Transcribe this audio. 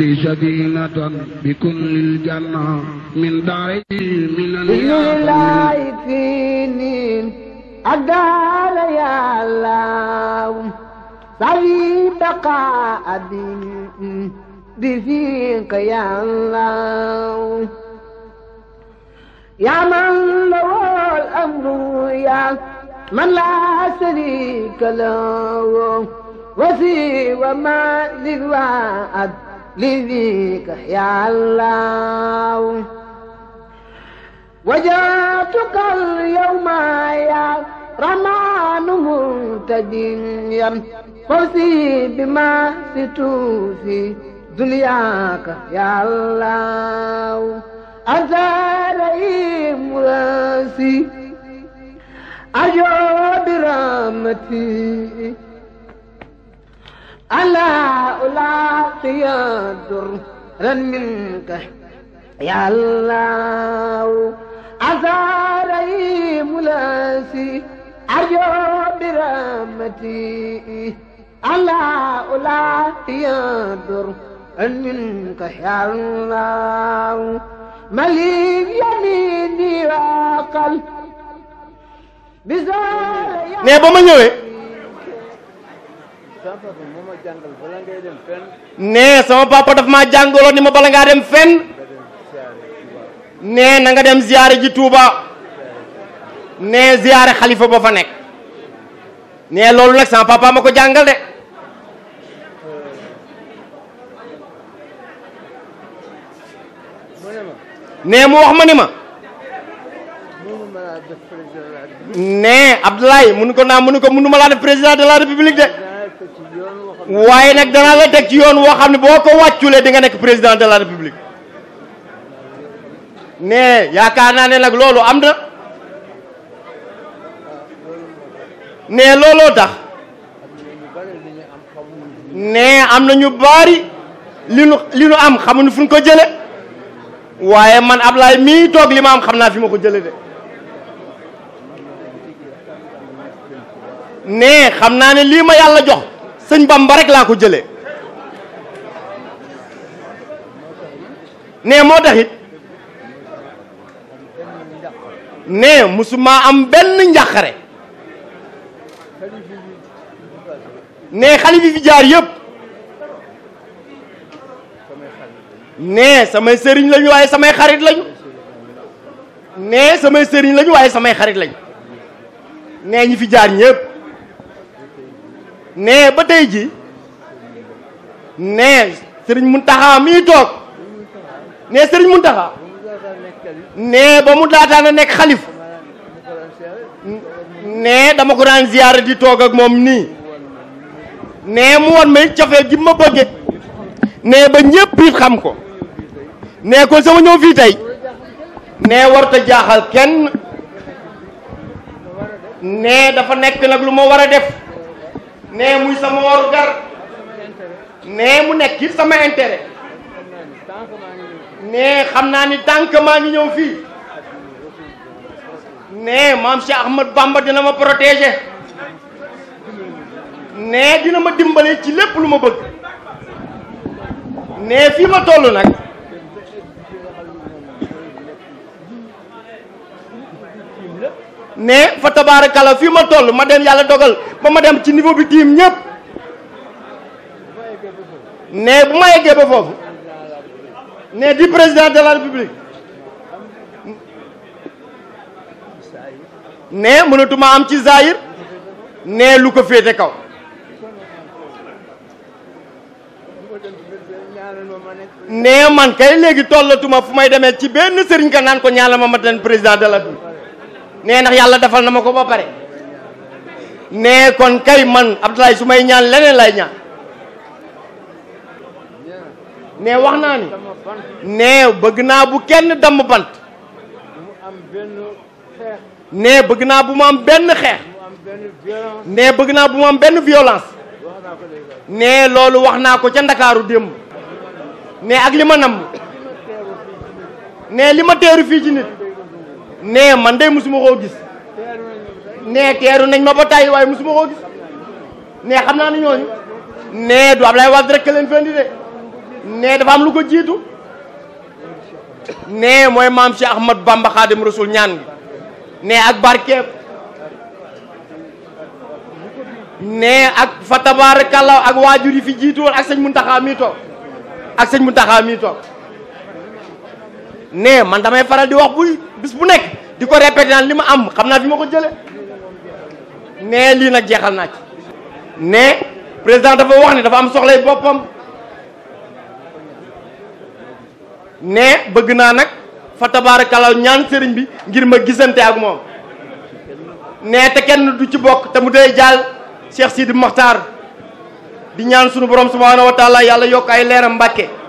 سكينة بكل الجنة من داري من الولاي فيني أدار يا الله صلي بقاء بفيق يا الله يا من له الأمر يا من لا شريك له وسيء وما للوعد لذيك يا الله وجاتك اليوم يا رمان منتديا فوزي بما ستوفي دنياك يا الله أنت رئيم راسي أجو برحمتي ألا ألاقي درا منك يا الله أزاري ملاسي أرجو برحمتي ألا ألاقي درا منك يا الله مليك يميني وقل بزار ne ba ma ñëwee nee sama papa daf maa jàngaloon ni ma bala dem fenn nee na nga dem ziyaare ji Touba nee ziyaare xalifa ba nekk nee loolu nag sama papa ma ko jàngal de. nee mu wax ma ni ma. nee Abdoulaye munu ko naa munu ko munu ma laa def président de la république de. waaye nag danaa la teg ci yoon woo xam ne boo ko wàcculee di nga nekk président de la république mais yaakaar naa ne nag loolu am na ne looloo tax ne am na ñu bari li nu li nu am xamuñu fu ko jële waaye man Ablaye mii toog li ma am xam naa fi ma ko jële de ne xam naa ne lii ma yàlla jox sëñ Bamba rek laa ko jële nee moo tax it nee musuma am benn njàqare nee xalifa yi fi jaar yëpp nee samay sëriñ lañu waaye samay xarit lañu nee samay sëriñ lañu waaye samay xarit lañu nee ñi fi jaar ñëpp. nee ba tey ji nee sëriñ Muntaxa mii toog nee sëriñ Muntaxa nee ba mu daataan a nekk xalif nee dama ko daan ziyaara di toog ak moom nii nee mu won may cofeel ji ma bëgge nee ba ñépp it xam ko nee kon sama ñëw fii tey nee warta jaaxal kenn nee dafa nekk nag lu ma war a def nee muy sama waru gar nee mu nekk it sama intérêt nee xam naa ni tànk maa ngi ñëw fii nee maam Cheikh Ahmad Bamba dina ma protéger nee dina ma dimbale ci lépp lu ma bëgg nee fii ma toll nag. mais fa tabaarakala fii ma toll ma dem yàlla dogal ba ma dem ci niveau bi tiim ñëpp ne bu ma yeggee ba foofu ne di président de la république ne mënatuma am ci zahir ne lu ko féete kaw ne man kay léegi tollatuma fu may demee ci benn sëriñ ka naan ko ñaanal ma ma den président de la république nee ndax yàlla defal na ma ko ba pare nee kon kay man Abdoulaye su may ñaan leneen lay ñaan nee wax naa ni nee bëgg naa bu kenn damm bant nee bëgg naa bu mu am benn xeex nee bëgg naa bu mu am benn violence nee loolu wax naa ko ca Ndakaaru démb nee ak li ma namm nee li teeru fii ci nit nee man de musuma koo gis nee teeru nañ ma ba tàyyi waaye musuma koo gis nee xam naa ne ñooñu nee du Ablaye Wade rek leen fendi de nee dafa am lu ko jiitu nee mooy maam Cheikh Ahmad Bamba Xaadim Rasul ñaan nee ak barkeeb nee ak fa tabaarakallah ak waajur yi fi jiitu woon ak sëñ mu mii toog ak sëñ Muntaxa mii toog nee man damay faral di wax buy bis bu nekk di ko répété naan li ma am xam naa fi ma ko jële ne lii nag jeexal naa ci ne président dafa wax ne dafa am soxlay boppam ne bëgg naa nag fa tabaarakalaw ñaan sëriñ bi ngir ma gisante ak moom ne te kenn du ci bokk te mu dee jaal sii di Mokhtar di ñaan sunu borom subhaanahu wa taala yàlla yokk ay leeram Mbàkke